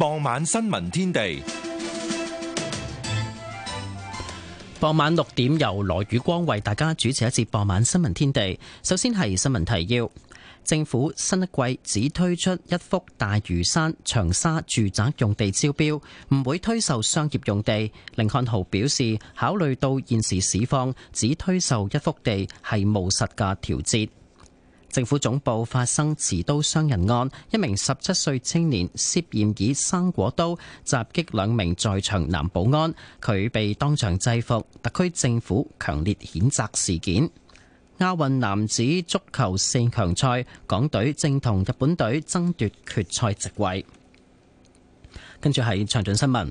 傍晚新聞天地，傍晚六點由羅宇光為大家主持一節傍晚新聞天地。首先係新聞提要，政府新一季只推出一幅大嶼山長沙住宅用地招標，唔會推售商業用地。凌漢豪表示，考慮到現時市況，只推售一幅地係務實嘅調節。政府總部發生持刀傷人案，一名十七歲青年涉嫌以生果刀襲擊兩名在場男保安，佢被當場制服。特區政府強烈譴責事件。亞運男子足球四強賽，港隊正同日本隊爭奪決賽席位。跟住係詳盡新聞。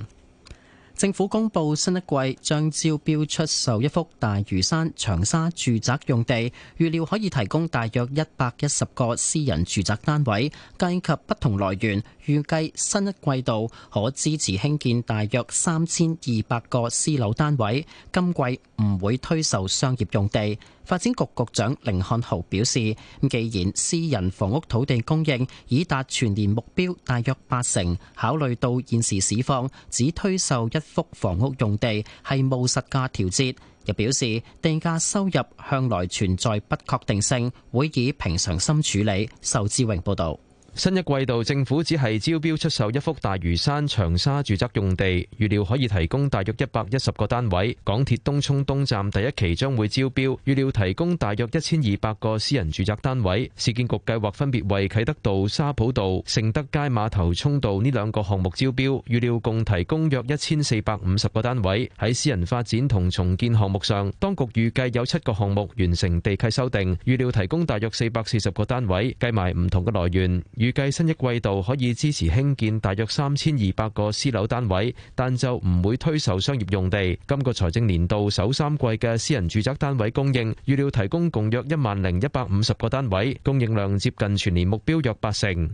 政府公布新一季將招標出售一幅大嶼山長沙住宅用地，預料可以提供大約一百一十個私人住宅單位，計及不同來源。預計新一季度可支持興建大約三千二百個私樓單位，今季唔會推售商業用地。發展局局長甯漢豪表示，既然私人房屋土地供應已達全年目標大約八成，考慮到現時市況只推售一幅房屋用地係無實價調節，又表示地價收入向來存在不確定性，會以平常心處理。仇志榮報道。新一季度政府只係招標出售一幅大嶼山長沙住宅用地，預料可以提供大約一百一十個單位。港鐵東涌東站第一期將會招標，預料提供大約一千二百個私人住宅單位。市建局計劃分別為啟德道、沙浦道、盛德街、馬頭涌道呢兩個項目招標，預料共提供約一千四百五十個單位。喺私人發展同重建項目上，當局預計有七個項目完成地契修訂，預料提供大約四百四十個單位。計埋唔同嘅來源，預計新一季度可以支持興建大約三千二百個私樓單位，但就唔會推售商業用地。今個財政年度首三季嘅私人住宅單位供應，預料提供共約一萬零一百五十個單位，供應量接近全年目標約八成。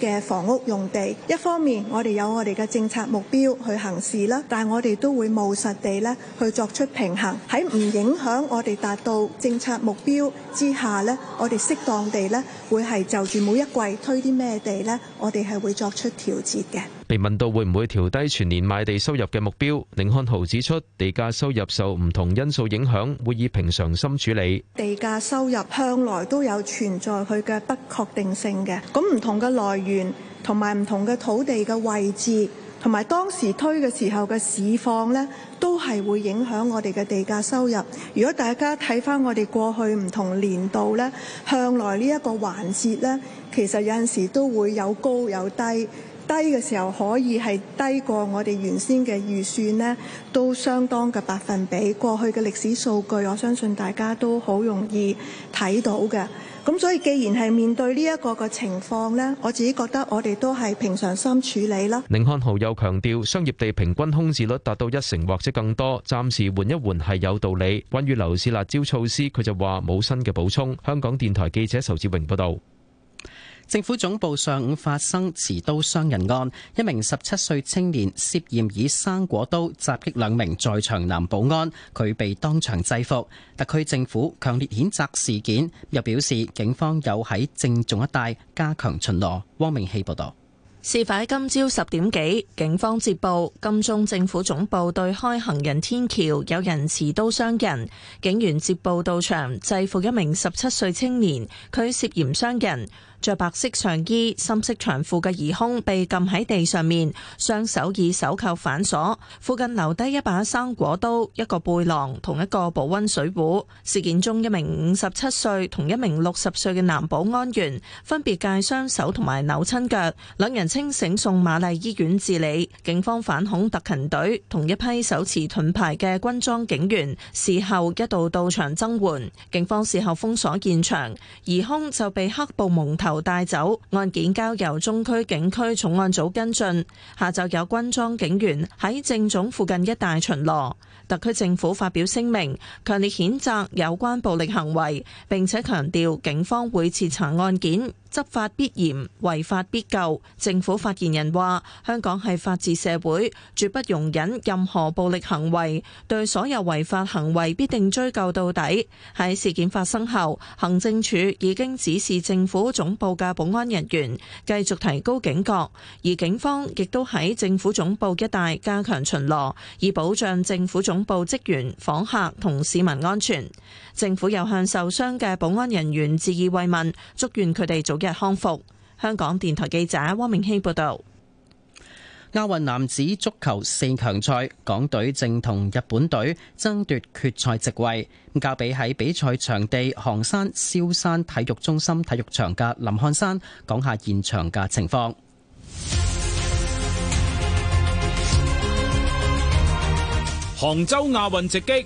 嘅房屋用地，一方面我哋有我哋嘅政策目標去行事啦，但係我哋都會務實地咧去作出平衡，喺唔影響我哋達到政策目標之下咧，我哋適當地咧。會係就住每一季推啲咩地呢，我哋係會作出調節嘅。被問到會唔會調低全年賣地收入嘅目標，寧漢豪指出地價收入受唔同因素影響，會以平常心處理。地價收入向來都有存在佢嘅不確定性嘅，咁唔同嘅來源同埋唔同嘅土地嘅位置，同埋當時推嘅時候嘅市況呢，都係會影響我哋嘅地價收入。如果大家睇返我哋過去唔同年度呢，向來呢一個環節呢，其實有陣時都會有高有低，低嘅時候可以係低過我哋原先嘅預算呢，都相當嘅百分比。過去嘅歷史數據，我相信大家都好容易睇到嘅。咁所以既然係面對呢一個嘅情況咧，我自己覺得我哋都係平常心處理啦。寧漢豪又強調，商業地平均空置率達到一成或者更多，暫時緩一緩係有道理。關於樓市辣招措施，佢就話冇新嘅補充。香港電台記者仇志榮報道。政府總部上午發生持刀傷人案，一名十七歲青年涉嫌以生果刀襲擊兩名在場男保安，佢被當場制服。特區政府強烈譴責事件，又表示警方有喺政總一帶加強巡邏。汪明熙報道。事發喺今朝十點幾，警方接報金鐘政府總部對開行人天橋有人持刀傷人，警員接報到場制服一名十七歲青年，佢涉嫌傷人。着白色上衣、深色長褲嘅疑凶被撳喺地上面，雙手以手扣反鎖。附近留低一把生果刀、一個背囊同一個保温水壺。事件中一名五十七歲同一名六十歲嘅男保安員分別界雙手同埋扭親腳，兩人清醒送瑪麗醫院治理。警方反恐特勤隊同一批手持盾牌嘅軍裝警員事後一度到場增援。警方事後封鎖現場，疑凶就被黑布蒙頭。由帶走案件交由中區警區重案組跟進。下晝有軍裝警員喺政總附近一帶巡邏。特區政府發表聲明，強烈譴責有關暴力行為，並且強調警方會徹查案件。執法必嚴，違法必究。政府發言人話：香港係法治社會，絕不容忍任何暴力行為，對所有違法行為必定追究到底。喺事件發生後，行政署已經指示政府總部嘅保安人員繼續提高警覺，而警方亦都喺政府總部一帶加強巡邏，以保障政府總部職員、訪客同市民安全。政府又向受傷嘅保安人員致意慰問，祝願佢哋早日康復。香港電台記者汪明熙報道。亞運男子足球四強賽，港隊正同日本隊爭奪決賽席位。交俾喺比賽場地杭州蕭山，蕭山體育中心體育場嘅林漢山，講下現場嘅情況。杭州亞運直擊。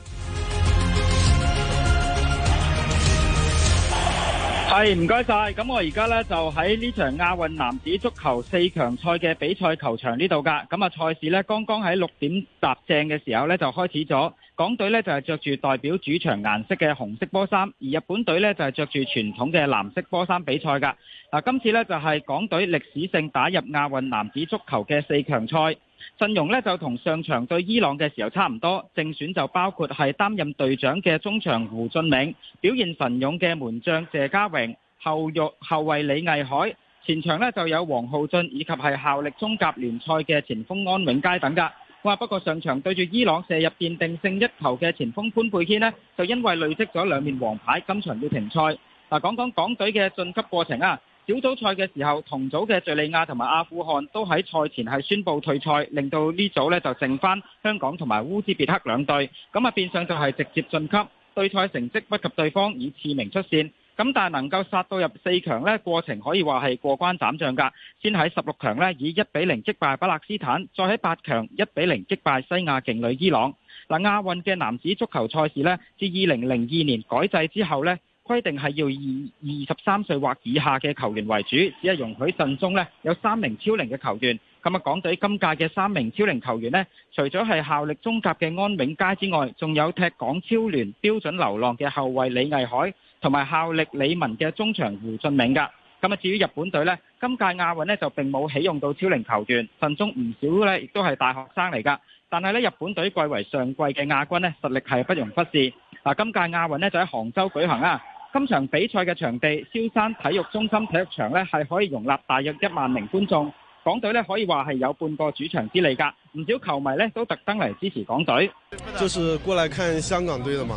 係唔該晒，咁、hey, 我而家咧，就喺呢場亞運男子足球四強賽嘅比賽球場呢度噶。咁啊賽事咧，剛剛喺六點搭正嘅時候咧，就開始咗，港隊咧，就係着住代表主場顏色嘅紅色波衫，而日本隊咧，就係着住傳統嘅藍色波衫比賽噶。嗱，今次咧，就係港隊歷史性打入亞運男子足球嘅四強賽。陣容咧就同上場對伊朗嘅時候差唔多，正選就包括係擔任隊長嘅中場胡俊銘，表現神勇嘅門將謝家榮，後欲後衛李毅海，前場呢，就有黃浩俊，以及係效力中甲聯賽嘅前鋒安永佳等噶。哇，不過上場對住伊朗射入奠定勝一球嘅前鋒潘佩軒呢，就因為累積咗兩面黃牌，今場要停賽。嗱，講講港隊嘅晉級過程啊！小組賽嘅時候，同組嘅敘利亞同埋阿富汗都喺賽前係宣布退賽，令到呢組呢就剩翻香港同埋烏茲別克兩隊，咁啊變相就係直接晉級。對賽成績不及對方，以次名出線，咁但係能夠殺到入四強呢，過程可以話係過關斬將噶。先喺十六強呢，以一比零擊敗巴勒斯坦，再喺八強一比零擊敗西亞勁旅伊朗。嗱，亞運嘅男子足球賽事呢，自二零零二年改制之後呢，規定係要以二十三歲或以下嘅球員為主，只係容許陣中呢有三名超齡嘅球、球員。咁啊，港隊今屆嘅三名超齡球員呢，除咗係效力中甲嘅安永佳之外，仲有踢港超聯標準流浪嘅後衛李毅凱，同埋效力李文嘅中場胡俊明噶。咁啊，至於日本隊呢，今屆亞運呢就並冇起用到超齡球員，陣中唔少呢亦都係大學生嚟噶。但係呢，日本隊貴為上季嘅亞軍呢，實力係不容忽視。啊，今屆亞運呢，就喺杭州舉行啊。今場比賽嘅場地，蕭山體育中心體育場呢，係可以容納大約一萬名觀眾。港隊呢可以話係有半個主場之利㗎，唔少球迷呢都特登嚟支持港隊。就是過來看香港隊的嘛。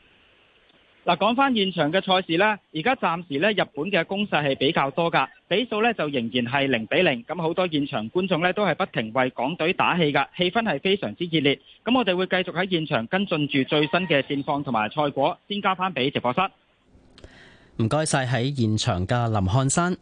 嗱，講翻現場嘅賽事呢，而家暫時咧日本嘅攻勢係比較多㗎，比數咧就仍然係零比零，咁好多現場觀眾咧都係不停為港隊打氣㗎，氣氛係非常之熱烈。咁我哋會繼續喺現場跟進住最新嘅戰況同埋賽果，先交翻俾直播室。唔該晒，喺現場嘅林漢山。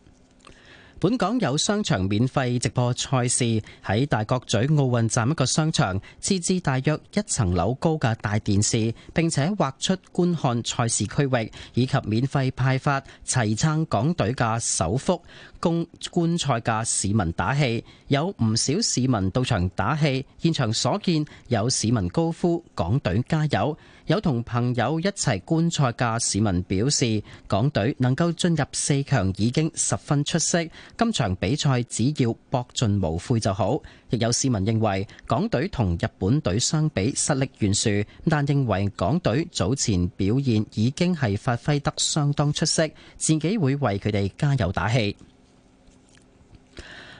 本港有商場免費直播賽事，喺大角咀奧運站一個商場設置大約一層樓高嘅大電視，並且劃出觀看賽事區域，以及免費派發齊撐港隊嘅手幅，供觀賽嘅市民打氣。有唔少市民到場打氣，現場所見有市民高呼港隊加油。有同朋友一齊觀賽嘅市民表示，港隊能夠進入四強已經十分出色，今場比賽只要搏盡無悔就好。亦有市民認為，港隊同日本隊相比實力懸殊，但認為港隊早前表現已經係發揮得相當出色，自己會為佢哋加油打氣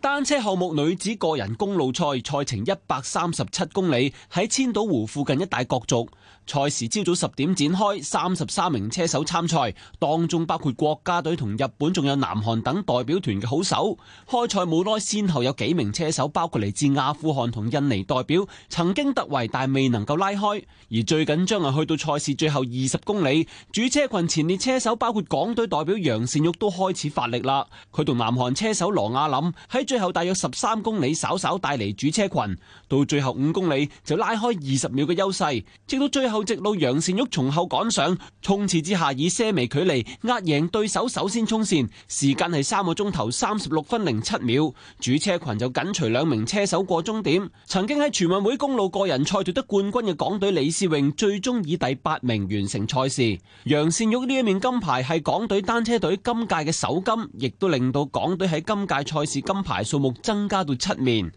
單車項目女子個人公路賽賽程一百三十七公里，喺千島湖附近一帶角逐。賽事朝早十點展開，三十三名車手參賽，當中包括國家隊同日本，仲有南韓等代表團嘅好手。開賽冇耐，先後有幾名車手，包括嚟自阿富汗同印尼代表，曾經突圍但未能夠拉開。而最緊張係去到賽事最後二十公里，主車群前列車手包括港隊代表楊善玉都開始發力啦。佢同南韓車手羅亞林喺最後大約十三公里稍稍帶離主車群，到最後五公里就拉開二十秒嘅優勢，直到最後。直到楊善玉從後趕上，衝刺之下以些微距離壓贏對手，首先衝線。時間係三個鐘頭三十六分零七秒。主車群就緊隨兩名車手過終點。曾經喺全運會公路個人賽奪得冠軍嘅港隊李思穎，最終以第八名完成賽事。楊善玉呢一面金牌係港隊單車隊今屆嘅首金，亦都令到港隊喺今屆賽事金牌數目增加到七面。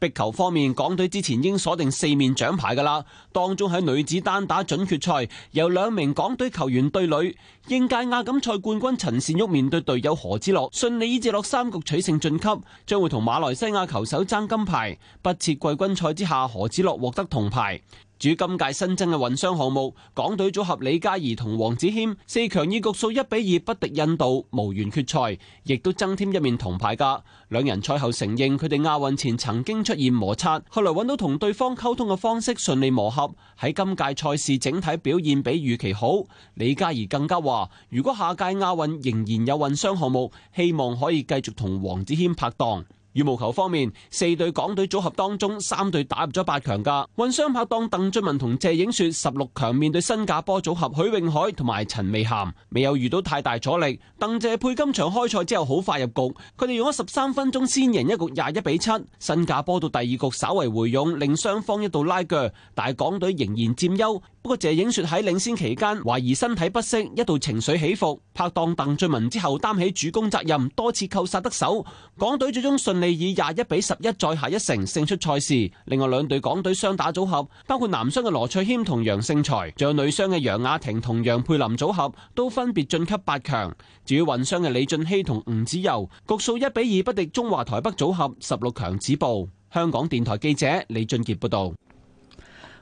壁球方面，港隊之前已經鎖定四面獎牌噶啦。當中喺女子單打準決賽，由兩名港隊球員對壘，應屆亞錦賽冠軍陳善旭面對隊友何子樂，順利以直落三局取勝晉級，將會同馬來西亞球手爭金牌。不設季軍賽之下，何子樂獲得銅牌。主今屆新增嘅混雙項目，港隊組合李嘉怡同黃子謙四強以局數一比二不敵印度，無緣決賽，亦都增添一面銅牌架。兩人賽後承認佢哋亞運前曾經出現摩擦，後來揾到同對方溝通嘅方式順利磨合，喺今屆賽事整體表現比預期好。李嘉怡更加話，如果下屆亞運仍然有混雙項目，希望可以繼續同黃子謙拍檔。羽毛球方面，四對港隊組合當中，三對打入咗八強噶。混雙拍檔鄧俊文同謝影雪十六強面對新加坡組合許永海同埋陳美涵，未有遇到太大阻力。鄧謝配今場開賽之後好快入局，佢哋用咗十三分鐘先贏一局廿一比七。新加坡到第二局稍為回勇，令雙方一度拉鋸，但係港隊仍然占優。不過謝影雪喺領先期間懷疑身體不適，一度情緒起伏。拍檔鄧俊文之後擔起主攻責任，多次扣殺得手。港隊最終順利以廿一比十一再下一城勝出賽事。另外兩隊港隊雙打組合，包括男雙嘅羅翠謙同楊勝才，仲有女雙嘅楊雅婷同楊佩琳組合，都分別晉級八強。至於混雙嘅李俊熙同吳子柔，局數一比二不敵中華台北組合，十六強止步。香港電台記者李俊傑報道。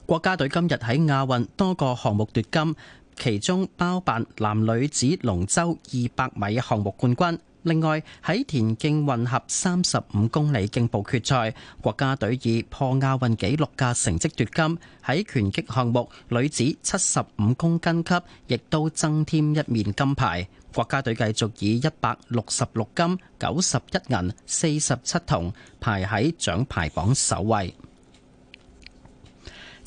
國家隊今日喺亞運多個項目奪金，其中包辦男女子龍舟二百米項目冠軍。另外喺田徑混合三十五公里競步決賽，國家隊以破亞運紀錄嘅成績奪金。喺拳擊項目女子七十五公斤級，亦都增添一面金牌。國家隊繼續以一百六十六金、九十一銀、四十七銅排喺獎牌榜首位。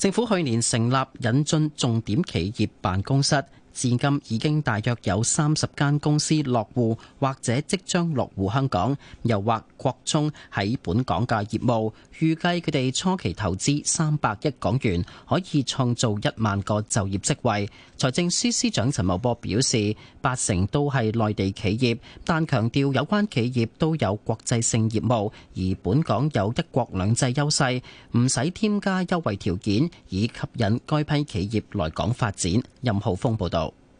政府去年成立引進重點企業辦公室。至今已經大約有三十間公司落戶或者即將落戶香港，又或擴充喺本港嘅業務。預計佢哋初期投資三百億港元，可以創造一萬個就業職位。財政司司長陳茂波表示，八成都係內地企業，但強調有關企業都有國際性業務，而本港有一國兩制優勢，唔使添加優惠條件以吸引該批企業來港發展。任浩峯報導。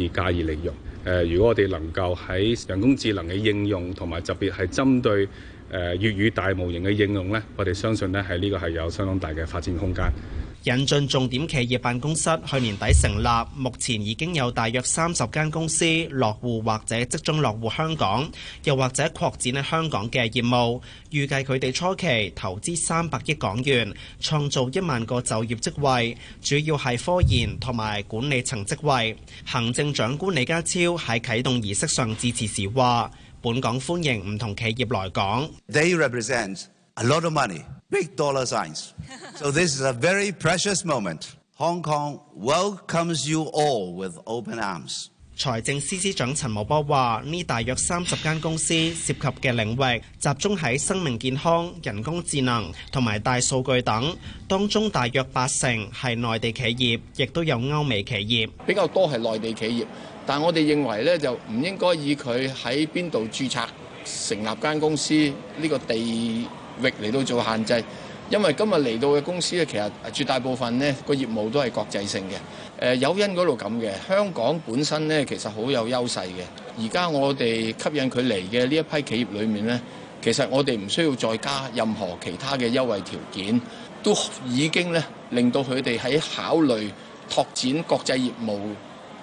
而加以利用。誒，如果我哋能夠喺人工智能嘅應用同埋特別係針對誒粵語大模型嘅應用咧，我哋相信咧喺呢個係有相當大嘅發展空間。引進重點企業辦公室去年底成立，目前已經有大約三十間公司落戶或者即將落戶香港，又或者擴展喺香港嘅業務。預計佢哋初期投資三百億港元，創造一萬個就業職位，主要係科研同埋管理層職位。行政長官李家超喺啟動儀式上致辭時話：本港歡迎唔同企業來港。A lot of money, big dollar signs. So this is a very precious moment. Hong Kong welcomes you all with open arms. 財政司司長陳茂波話，呢大約三十間公司涉及嘅領域集中喺生命健康、人工智能同埋大數據等，當中大約八成係內地企業，亦都有歐美企業。比較多係內地企業，但我哋認為呢就唔應該以佢喺邊度註冊成立間公司呢個地域嚟到做限制，因為今日嚟到嘅公司咧，其實絕大部分咧個業務都係國際性嘅，誒有因嗰度咁嘅，香港本身咧其實好有優勢嘅。而家我哋吸引佢嚟嘅呢一批企業裡面呢，其實我哋唔需要再加任何其他嘅優惠條件，都已經咧令到佢哋喺考慮拓展國際業務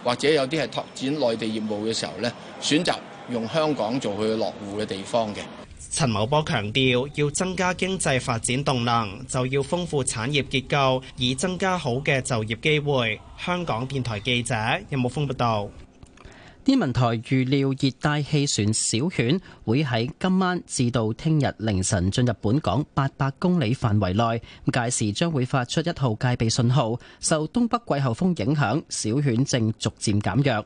或者有啲係拓展內地業務嘅時候呢選擇用香港做佢嘅落戶嘅地方嘅。陳茂波強調，要增加經濟發展動能，就要豐富產業結構，以增加好嘅就業機會。香港電台記者任木峰報道。天文台預料熱帶氣旋小犬會喺今晚至到聽日凌晨進入本港八百公里範圍內，屆時將會發出一號戒備信號。受東北季候風影響，小犬正逐漸減弱。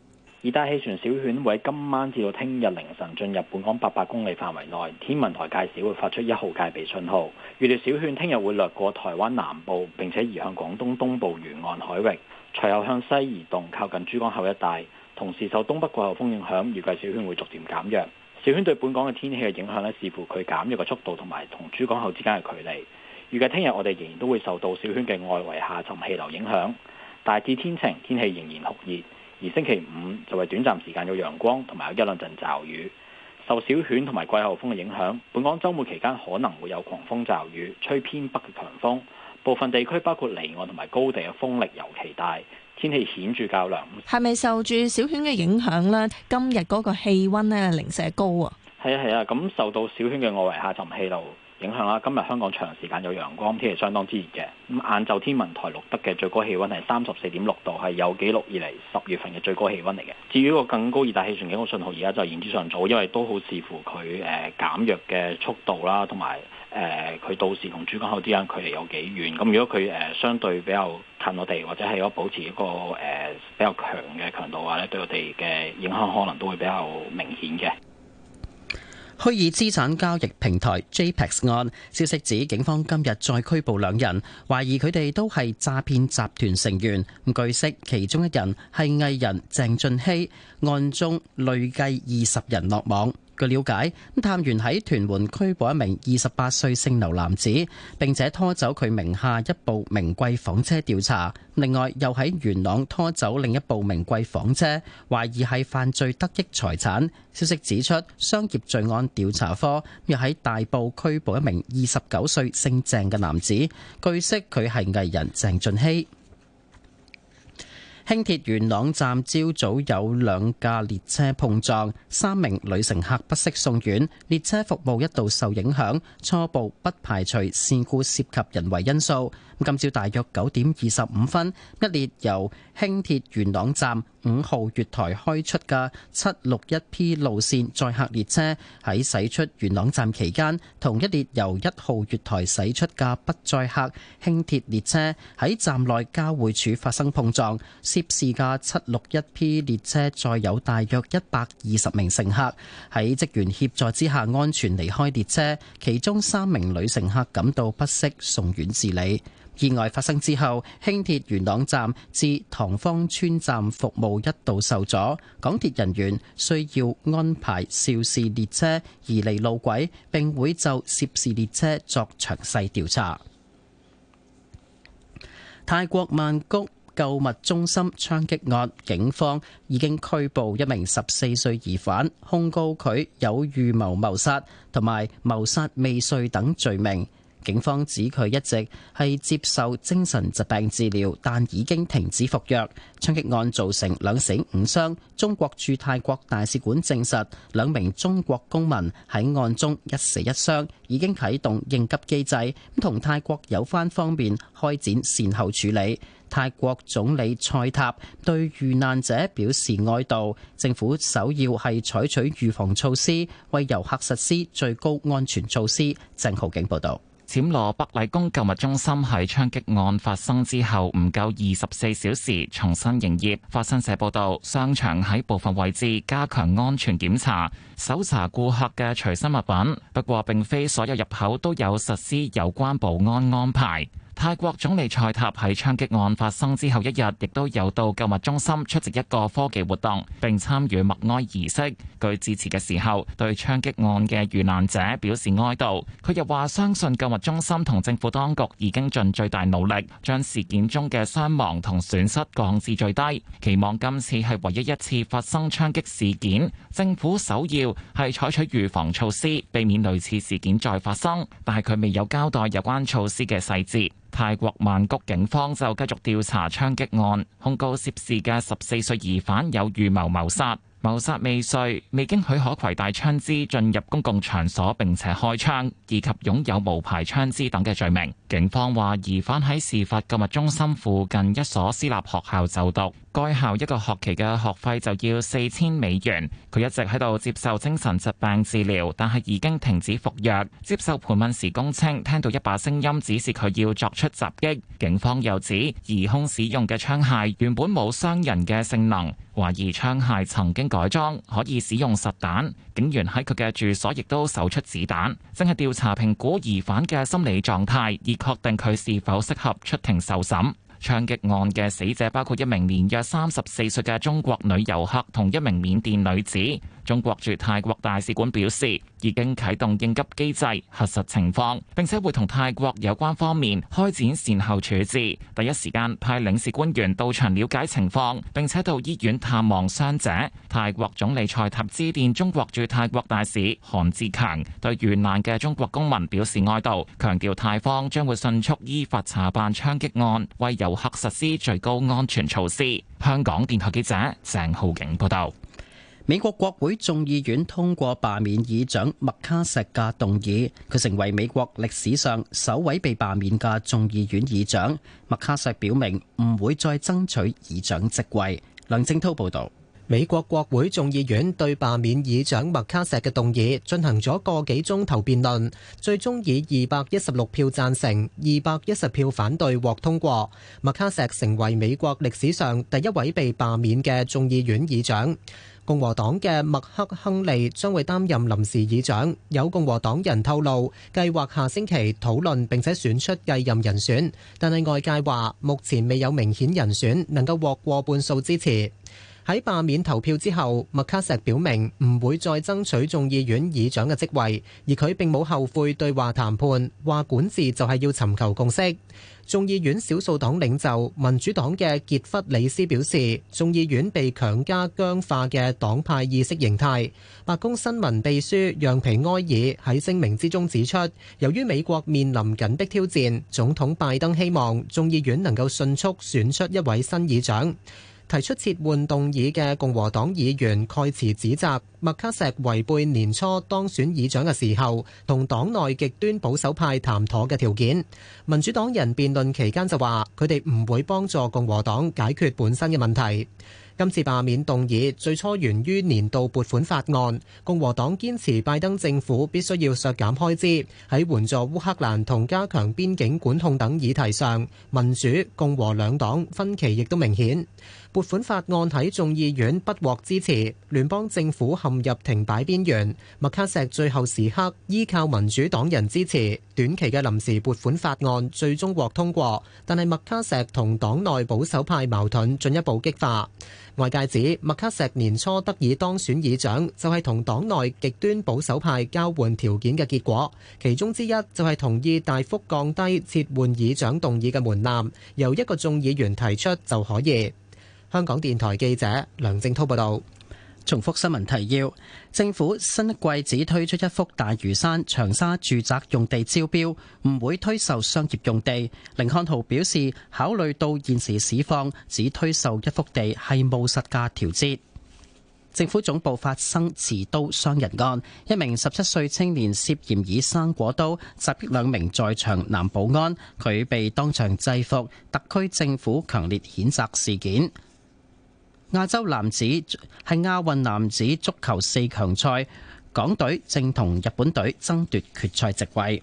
熱帶氣旋小犬會喺今晚至到聽日凌晨進入本港八百公里範圍內，天文台屆時會發出一號戒備信號。預料小犬聽日會掠過台灣南部，並且移向廣東東部沿岸海域，隨後向西移動靠近珠江口一帶。同時受東北季候風影響，預計小犬會逐漸減弱。小犬對本港嘅天氣嘅影響呢，視乎佢減弱嘅速度同埋同珠江口之間嘅距離。預計聽日我哋仍然都會受到小犬嘅外圍下沉氣流影響，大致天晴，天氣仍然酷熱。而星期五就係、是、短暫時間有陽光，同埋有一兩陣驟雨。受小犬同埋季候風嘅影響，本港週末期間可能會有狂風驟雨，吹偏北嘅強風，部分地區包括離岸同埋高地嘅風力尤其大，天氣顯著較涼。係咪受住小犬嘅影響呢？今日嗰個氣温呢，零舍高啊？係啊係啊，噉、啊、受到小犬嘅外圍下沉氣流影響啦！今日香港長時間有陽光，天氣相當之熱嘅。咁晏晝天文台錄得嘅最高氣溫係三十四點六度，係有紀錄以嚟十月份嘅最高氣溫嚟嘅。至於個更高熱帶氣旋警告信號，而家就言之尚早，因為都好視乎佢誒、呃、減弱嘅速度啦，同埋誒佢到時同珠江口之間距離有幾遠。咁、嗯、如果佢誒、呃、相對比較近我哋，或者係如果保持一個誒、呃、比較強嘅強度話咧，對我哋嘅影響可能都會比較明顯嘅。虛擬資產交易平台 JPEX 案，消息指警方今日再拘捕兩人，懷疑佢哋都係詐騙集團成員。據悉，其中一人係藝人鄭俊熙，案中累計二十人落網。據了解，咁探員喺屯門拘捕一名二十八歲姓劉男子，並且拖走佢名下一部名貴房車調查。另外，又喺元朗拖走另一部名貴房車，懷疑係犯罪得益財產。消息指出，商業罪案調查科又喺大埔拘捕一名二十九歲姓鄭嘅男子，據悉佢係藝人鄭俊熙。輕鐵元朗站朝早有兩架列車碰撞，三名女乘客不適送院，列車服務一度受影響，初步不排除事故涉及人為因素。今朝大約九點二十五分，一列由輕鐵元朗站五號月台開出嘅七六一 P 路線載客列車喺駛出元朗站期間，同一列由一號月台駛出嘅不載客輕鐵列車喺站內交匯處發生碰撞。涉事嘅七六一 P 列車載有大約一百二十名乘客，喺職員協助之下安全離開列車，其中三名女乘客感到不適，送院治理。意外發生之後，輕鐵元朗站至塘坊村站服務一度受阻，港鐵人員需要安排肇事列車移離路軌，並會就涉事列車作詳細調查。泰國曼谷購物中心槍擊案，警方已經拘捕一名十四歲疑犯，控告佢有預謀謀殺同埋謀殺未遂等罪名。警方指佢一直係接受精神疾病治療，但已經停止服藥。槍擊案造成兩死五傷。中國駐泰國大使館證實，兩名中國公民喺案中一死一傷，已經啟動應急機制，咁同泰國有關方面開展善後處理。泰國總理賽塔對遇難者表示哀悼，政府首要係採取預防措施，為遊客實施最高安全措施。鄭浩景報導。暹羅北麗宮購物中心喺槍擊案發生之後，唔夠二十四小時重新營業。法新社報道，商場喺部分位置加強安全檢查，搜查顧客嘅隨身物品。不過，並非所有入口都有實施有關保安安排。泰國總理蔡塔喺槍擊案發生之後一日，亦都有到購物中心出席一個科技活動，並參與默哀儀式。佢致辭嘅時候，對槍擊案嘅遇難者表示哀悼。佢又話相信購物中心同政府當局已經盡最大努力，將事件中嘅傷亡同損失降至最低。期望今次係唯一一次發生槍擊事件，政府首要係採取預防措施，避免類似事件再發生。但係佢未有交代有關措施嘅細節。泰國曼谷警方就繼續調查槍擊案，控告涉事嘅十四歲疑犯有預謀謀殺、謀殺未遂、未經許可攜帶槍支進入公共場所並且開槍以及擁有無牌槍支等嘅罪名。警方話，疑犯喺事發購物中心附近一所私立學校就讀。該校一個學期嘅學費就要四千美元。佢一直喺度接受精神疾病治療，但係已經停止服藥。接受盤問時，供稱聽到一把聲音指示佢要作出襲擊。警方又指疑兇使用嘅槍械原本冇傷人嘅性能，懷疑槍械曾經改裝，可以使用實彈。警員喺佢嘅住所亦都搜出子彈，正係調查評估疑犯嘅心理狀態，以確定佢是否適合出庭受審。槍擊案嘅死者包括一名年約三十四歲嘅中國女遊客同一名緬甸女子。中國駐泰國大使館表示，已經啟動應急機制，核實情況，並且會同泰國有關方面開展善後處置。第一時間派領事官員到場了解情況，並且到醫院探望傷者。泰國總理賽塔致電中國駐泰國大使韓志強，對遇難嘅中國公民表示哀悼，強調泰方將會迅速依法查辦槍擊案，為游客實施最高安全措施。香港電台記者鄭浩景報道。美國國會眾議院通過罷免議長麥卡錫嘅動議，佢成為美國歷史上首位被罷免嘅眾議院議長。麥卡錫表明唔會再爭取議長職位。梁正濤報道，美國國會眾議院對罷免議長麥卡錫嘅動議進行咗個幾鐘頭辯論，最終以二百一十六票贊成、二百一十票反對獲通過。麥卡錫成，成為美國歷史上第一位被罷免嘅眾議院議長。共和黨嘅麥克亨利將會擔任臨時議長，有共和黨人透露，計劃下星期討論並且選出繼任人選，但係外界話目前未有明顯人選能夠獲過半數支持。喺罷免投票之後，麥卡錫表明唔會再爭取眾議院議長嘅職位，而佢並冇後悔對話談判，話管治就係要尋求共識。眾議院少數黨領袖民主黨嘅傑弗里斯表示，眾議院被強加僵化嘅黨派意識形態。白宮新聞秘書讓皮埃爾喺聲明之中指出，由於美國面臨緊迫挑戰，總統拜登希望眾議院能夠迅速選出一位新議長。提出撤換動議嘅共和黨議員蓋茨指責麥卡錫違背年初當選議長嘅時候同黨內極端保守派談妥嘅條件。民主黨人辯論期間就話佢哋唔會幫助共和黨解決本身嘅問題。今次罷免動議最初源於年度撥款法案，共和黨堅持拜登政府必須要削減開支。喺援助烏克蘭同加強邊境管控等議題上，民主共和兩黨分歧亦都明顯。撥款法案喺眾議院不獲支持，聯邦政府陷入停擺邊緣。麥卡錫最後時刻依靠民主黨人支持，短期嘅臨時撥款法案最終獲通過，但係麥卡錫同黨內保守派矛盾進一步激化。外界指麥卡錫年初得以當選議長，就係同黨內極端保守派交換條件嘅結果，其中之一就係同意大幅降低撤換議長動議嘅門檻，由一個眾議員提出就可以。香港電台記者梁正濤報道，重複新聞提要：政府新一季只推出一幅大嶼山長沙住宅用地招標，唔會推售商業用地。凌漢豪表示，考慮到現時市況，只推售一幅地係務實嘅調節。政府總部發生持刀傷人案，一名十七歲青年涉嫌以生果刀襲擊兩名在場男保安，佢被當場制服。特區政府強烈譴責事件。亞洲男子係亞運男子足球四強賽，港隊正同日本隊爭奪決賽席位。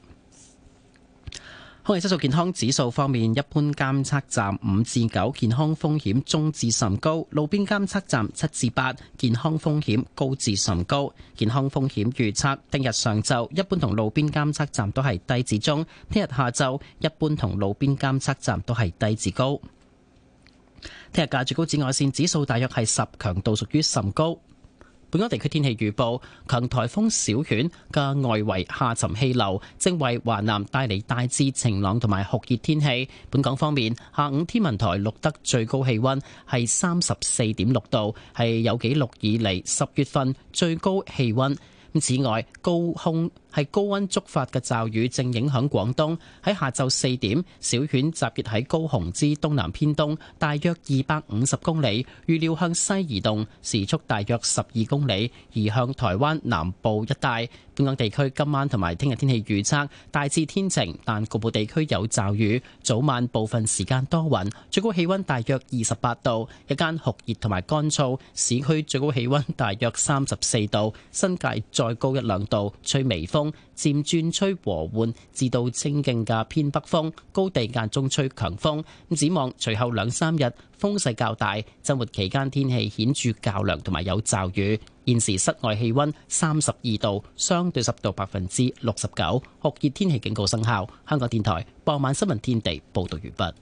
空氣質素健康指數方面，一般監測站五至九健康風險中至甚高，路邊監測站七至八健康風險高至甚高。健康風險預測：聽日上晝一般同路邊監測站都係低至中，聽日下晝一般同路邊監測站都係低至高。聽日嘅最高紫外綫指數大約係十，強度屬於甚高。本港地區天氣預報，強颱風小犬嘅外圍下沉氣流正為華南帶嚟大致晴朗同埋酷熱天氣。本港方面，下午天文台錄得最高氣温係三十四點六度，係有紀錄以嚟十月份最高氣温。咁此外，高空，係高温觸發嘅驟雨正影響廣東。喺下晝四點，小犬集結喺高雄之東南偏東，大約二百五十公里，預料向西移動，時速大約十二公里，移向台灣南部一帶。本港地區今晚同埋聽日天氣預測大致天晴，但局部地區有驟雨，早晚部分時間多雲，最高氣温大約二十八度，日間酷熱同埋乾燥，市區最高氣温大約三十四度，新界再高一兩度，吹微風。漸轉吹和緩至到清勁嘅偏北風，高地間中吹強風。展望隨後兩三日風勢較大，周末期間天氣顯著較涼同埋有驟雨。現時室外氣温三十二度，相對濕度百分之六十九，酷熱天氣警告生效。香港電台傍晚新聞天地報道完畢。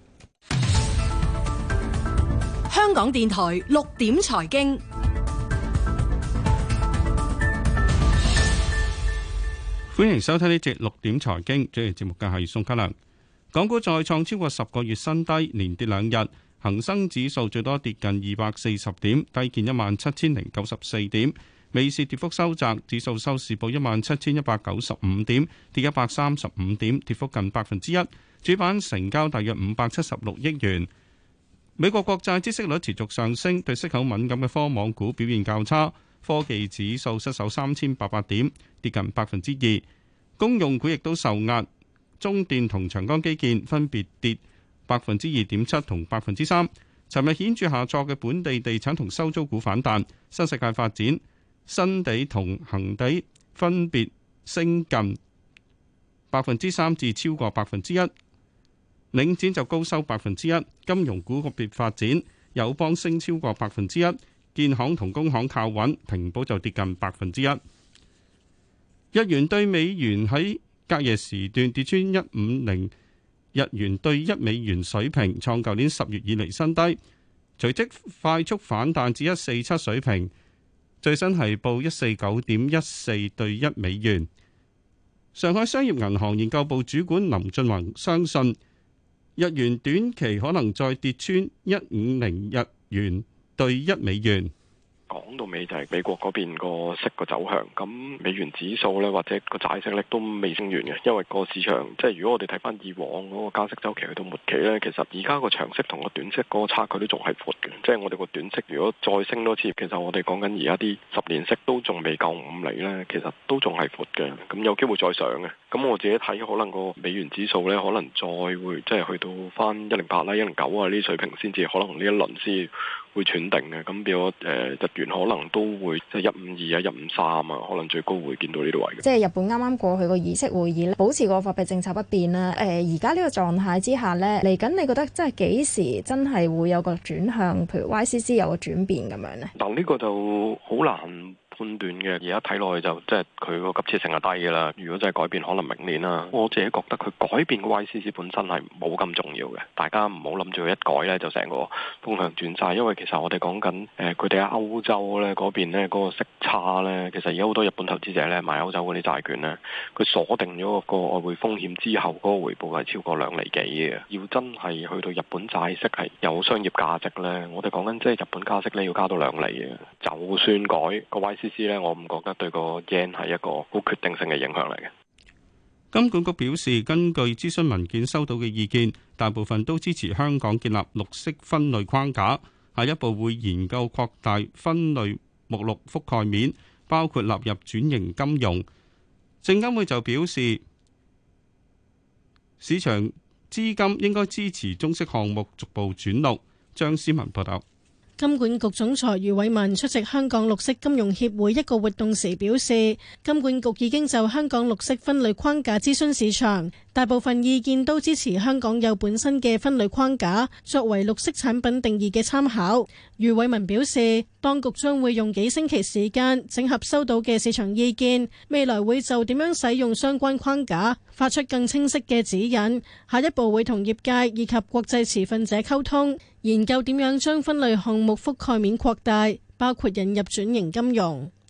香港電台六點財經。歡迎收聽呢節六點財經，主持節目嘅係宋嘉良。港股再創超過十個月新低，連跌兩日，恒生指數最多跌近二百四十點，低見一萬七千零九十四點。美市跌幅收窄，指數收市報一萬七千一百九十五點，跌一百三十五點，跌幅近百分之一。主板成交大約五百七十六億元。美國國債孳息率持續上升，對息口敏感嘅科網股表現較差。科技指數失守三千八百點，跌近百分之二。公用股亦都受壓，中電同長江基建分別跌百分之二點七同百分之三。尋日顯著下挫嘅本地地產同收租股反彈，新世界發展、新地同恒地分別升近百分之三至超過百分之一，領展就高收百分之一。金融股個別發展，友邦升超過百分之一。建行同工行靠穩，平保就跌近百分之一。日元兌美元喺隔夜時段跌穿一五零日元兌一美元水平，創舊年十月以嚟新低，隨即快速反彈至一四七水平，最新係報一四九點一四兌一美元。上海商業銀行研究部主管林俊宏相信，日元短期可能再跌穿一五零日元，對一美元，講到尾就係美國嗰邊個息個走向。咁美元指數咧，或者個債息咧都未升完嘅，因為個市場即係如果我哋睇翻以往嗰個加息週期去到末期咧，其實而家個長息同個短息嗰個差距都仲係闊嘅。即係我哋個短息如果再升多次，其實我哋講緊而家啲十年息都仲未夠五厘咧，其實都仲係闊嘅。咁有機會再上嘅。咁我自己睇可能個美元指數咧，可能再會即係去到翻一零八啦、一零九啊呢啲水平先至，可能呢一輪先。會斷定嘅，咁比如誒日元可能都會即係一五二啊，一五三啊，可能最高會見到呢度位。即係日本啱啱過去個議息會議咧，保持個貨幣政策不變啦。誒、呃，而家呢個狀態之下咧，嚟緊你覺得即係幾時真係會有個轉向，譬如 YCC 有個轉變咁樣咧？但呢個就好難判斷嘅，而家睇落去就即係佢個急切性係低嘅啦。如果真係改變，可能明年啦。我自己覺得佢改變個 YCC 本身係冇咁重要嘅。大家唔好諗住佢一改呢，就成個風向轉晒。因為其實我哋講緊誒佢哋喺歐洲呢嗰邊呢嗰個息差呢，其實而家好多日本投資者呢買歐洲嗰啲債券呢，佢鎖定咗個外匯風險之後嗰個回報係超過兩厘幾嘅。要真係去到日本債息係有商業價值呢，我哋講緊即係日本加息呢，要加到兩厘嘅。就算改個 YCC。呢啲咧，我唔覺得對個 yen 係一個好決定性嘅影響嚟嘅。金管局表示，根據諮詢文件收到嘅意見，大部分都支持香港建立綠色分類框架，下一步會研究擴大分類目錄覆蓋面，包括納入轉型金融。證監會就表示，市場資金應該支持中式項目逐步轉綠。張思文報道。金管局總裁余偉文出席香港綠色金融協會一個活動時表示，金管局已經就香港綠色分類框架諮詢市場。大部分意見都支持香港有本身嘅分類框架作為綠色產品定義嘅參考。余偉文表示，當局將會用幾星期時間整合收到嘅市場意見，未來會就點樣使用相關框架發出更清晰嘅指引。下一步會同業界以及國際持份者溝通，研究點樣將分類項目覆蓋面擴大，包括引入轉型金融。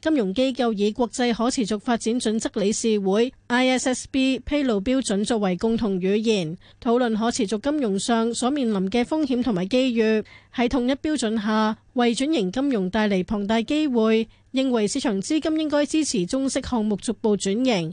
金融機構以國際可持續發展準則理事會 ISSB 披露標準作為共同語言，討論可持續金融上所面臨嘅風險同埋機遇，喺統一標準下為轉型金融帶嚟龐大機會，認為市場資金應該支持中式項目逐步轉型。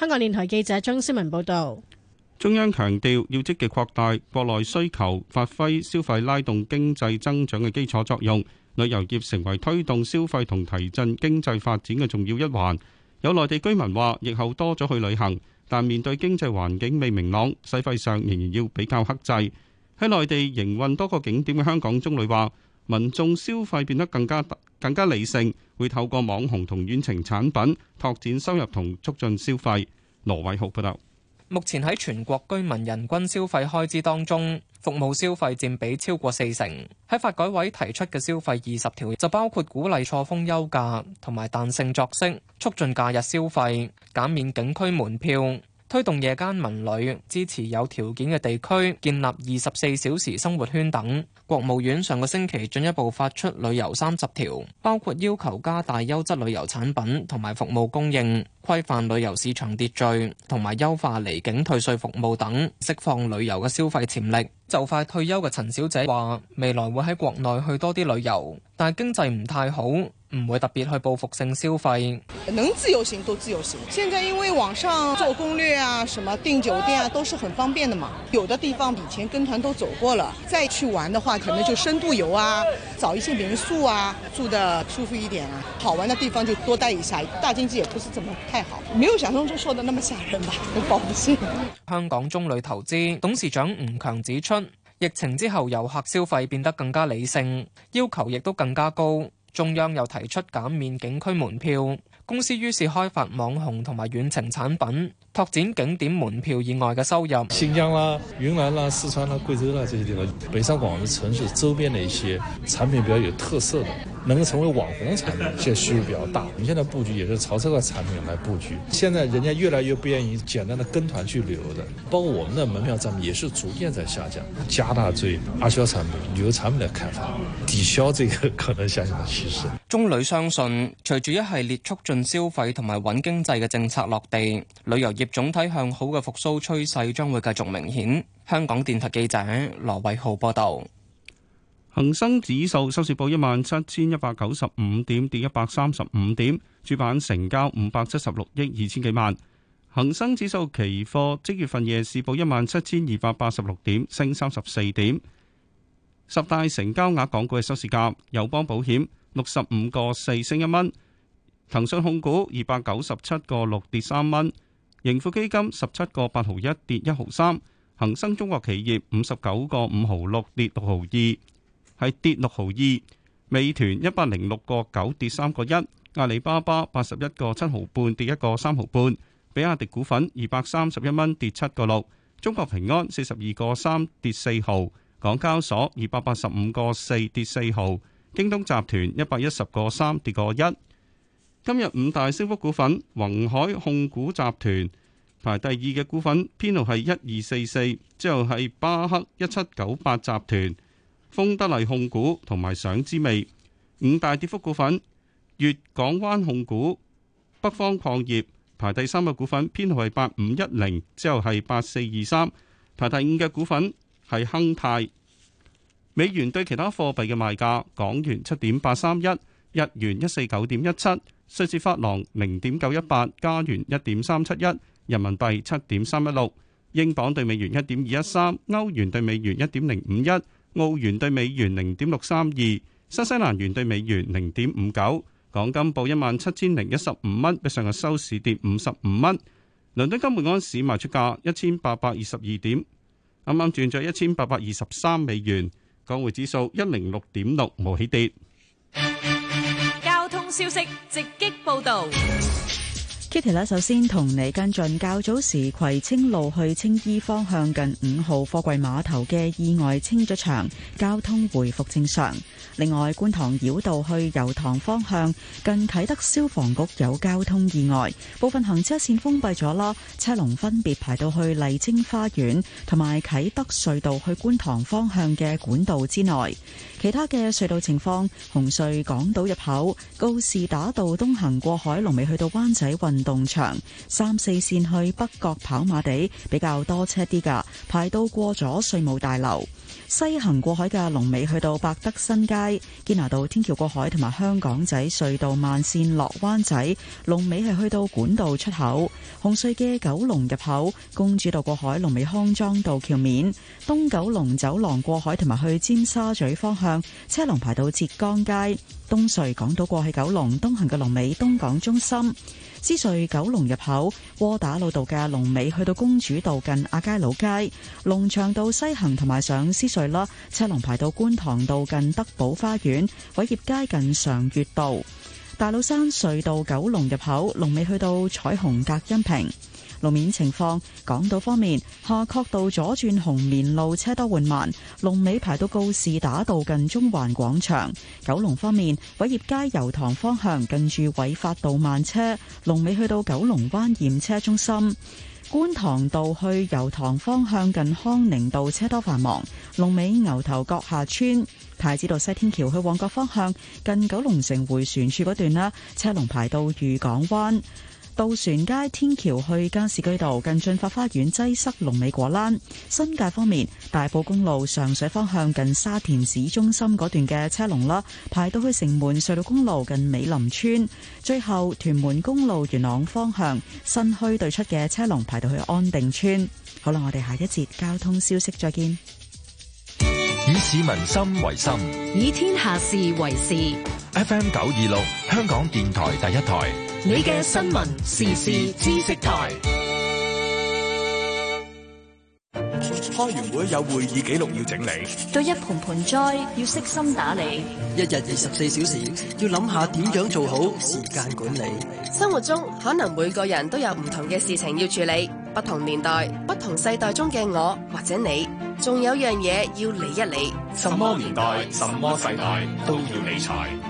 香港電台記者張思文報道，中央強調要積極擴大國內需求，發揮消費拉動經濟增長嘅基礎作用。旅遊業成為推動消費同提振經濟發展嘅重要一環。有內地居民話，疫後多咗去旅行，但面對經濟環境未明朗，使費上仍然要比較克制。喺內地營運多個景點嘅香港中旅話，民眾消費變得更加特。更加理性，會透過網紅同遠程產品拓展收入同促進消費，羅偉豪報道。目前喺全國居民人均消費開支當中，服務消費佔比超過四成。喺發改委提出嘅消費二十條就包括鼓勵錯峰休假同埋彈性作息，促進假日消費減免景區門票。推動夜間文旅，支持有條件嘅地區建立二十四小時生活圈等。國務院上個星期進一步發出旅遊三十條，包括要求加大優質旅遊產品同埋服務供應，規範旅遊市場秩序，同埋優化離境退稅服務等，釋放旅遊嘅消費潛力。就快退休嘅陳小姐話，未來會喺國內去多啲旅遊，但係經濟唔太好，唔會特別去報復性消費。能自由行都自由行。現在因為網上做攻略啊，什麼訂酒店啊，都是很方便的嘛。有的地方以前跟團都走過了，再去玩的話，可能就深度遊啊，找一些民宿啊，住得舒服一點啊。好玩的地方就多待一下。大經濟也不是怎麼太好，沒有想象中說的那麼吓人吧，報復性。 香港中旅投資董事長吳強指出，疫情之後，遊客消費變得更加理性，要求亦都更加高。中央又提出減免景區門票。公司於是開發網紅同埋遠程產品，拓展景點門票以外嘅收入。新疆啦、雲南啦、四川啦、貴州啦，這些地方，北上廣的城市周邊的一些產品比較有特色的，能夠成為網紅產品，現在需求比較大。我們現在佈局也是朝這個產品來佈局。現在人家越來越不願意簡單的跟團去旅遊的，包括我們的門票佔比也是逐漸在下降，加大對阿銷產品、旅遊產品的開發，抵消這個可能下降的趨勢。中旅相信，隨住一系列促進消費同埋穩經濟嘅政策落地，旅遊業總體向好嘅復蘇趨勢將會繼續明顯。香港電台記者羅偉浩報道。恒生指數收市報一萬七千一百九十五點，跌一百三十五點。主板成交五百七十六億二千幾萬。恒生指數期貨即月份夜市報一萬七千二百八十六點，升三十四點。十大成交額港股嘅收市價，友邦保險。六十五個四升一蚊，騰訊控股二百九十七個六跌三蚊，盈富基金十七個八毫一跌一毫三，恒生中國企業五十九個五毫六跌六毫二，係跌六毫二。美團一百零六個九跌三個一，阿里巴巴八十一個七毫半跌一個三毫半，比亞迪股份二百三十一蚊跌七個六，中國平安四十二個三跌四毫，港交所二百八十五個四跌四毫。京東集團一百一十個三跌個一。今日五大升幅股份，宏海控股集團排第二嘅股份編號係一二四四，之後係巴克一七九八集團、豐德麗控股同埋賞之味。五大跌幅股份，粵港灣控股、北方礦業排第三嘅股份編號係八五一零，之後係八四二三，排第五嘅股份係亨泰。美元對其他貨幣嘅賣價：港元七點八三一，日元一四九點一七，瑞士法郎零點九一八，加元一點三七一，人民幣七點三一六，英鎊對美元一點二一三，歐元對美元一點零五一，澳元對美元零點六三二，新西蘭元對美元零點五九。港金報一萬七千零一十五蚊，比上日收市跌五十五蚊。倫敦金每安市賣出價一千八百二十二點，啱啱轉咗一千八百二十三美元。港匯指數一零六點六，冇起跌。交通消息，直擊報道。Kitty 啦，Katie，首先同你跟進較早時葵青路去青衣方向近五號貨櫃碼頭嘅意外清咗場，交通回復正常。另外，觀塘繞道去油塘方向近啟德消防局有交通意外，部分行車線封閉咗啦，車龍分別排到去麗晶花園同埋啟德隧道去觀塘方向嘅管道之內。其他嘅隧道情況，紅隧港島入口、告士打道東行過海龍尾去到灣仔運動場，三四線去北角跑馬地比較多車啲噶，排到過咗稅務大樓；西行過海嘅龍尾去到百德新街、堅拿道天橋過海同埋香港仔隧道慢線落灣仔，龍尾係去到管道出口。紅隧嘅九龍入口，公主道過海，龍尾康莊道橋面；東九龍走廊過海同埋去尖沙咀方向，車龍排到浙江街。東隧港島過去九龍東行嘅龍尾，東港中心；獅隧九龍入口，窩打老道嘅龍尾去到公主道近亞皆老街。龍翔道西行同埋上獅隧啦，車龍排到觀塘道近德寶花園，偉業街近上月道。大老山隧道九龍入口，龍尾去到彩虹隔音屏。路面情況，港島方面，夏慤道左轉紅棉路車多緩慢，龍尾排到告士打道近中環廣場；九龍方面，偉業街油塘方向近住偉發道慢車，龍尾去到九龍灣驗車中心；觀塘道去油塘方向近康寧道車多繁忙，龍尾牛頭角下村；太子道西天橋去旺角方向近九龍城迴旋處嗰段啦，車龍排到譽港灣。渡船街天橋去加士居道近駿發花園擠塞龍尾果欄，新界方面大埔公路上水方向近沙田市中心嗰段嘅車龍啦，排到去城門隧道公路近美林村，最後屯門公路元朗方向新墟對出嘅車龍排到去安定村。好啦，我哋下一節交通消息再見。以市民心為心，以天下事為事。FM 九二六，香港電台第一台。你嘅新聞時事知識台，開完會有會議記錄要整理。對一盆盆栽要悉心打理。一日二十四小時要諗下點樣做好時間管理。生活中可能每個人都有唔同嘅事情要處理，不同年代、不同世代中嘅我或者你，仲有樣嘢要理一理。什麼年代、什麼世代都要理財。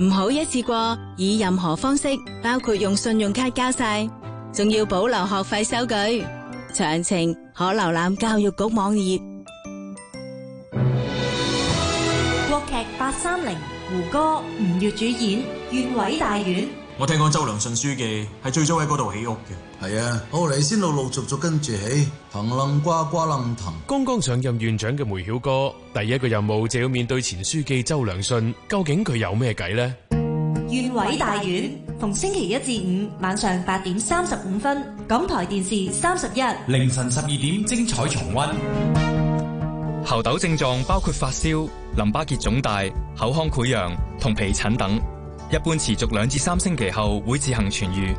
唔好一次過以任何方式，包括用信用卡交晒，仲要保留學費收據。詳情可瀏覽教育局網頁。國劇八三零，胡歌、吳越主演《縣委大院》。我聽講周良順書記係最早喺嗰度起屋嘅。係啊，後嚟先陸陸續續跟住起，疼楞掛掛楞疼。剛剛上任院長嘅梅曉歌，第一個任務就要面對前書記周良信，究竟佢有咩計呢？縣委大院逢星期一至五晚上八點三十五分，港台電視三十一，凌晨十二點精彩重溫。猴痘症狀包括發燒、淋巴結腫大、口腔潰瘍同皮疹等，一般持續兩至三星期後會自行痊愈。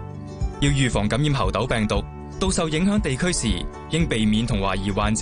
要預防感染猴痘病毒，到受影響地區時，應避免同懷疑患者。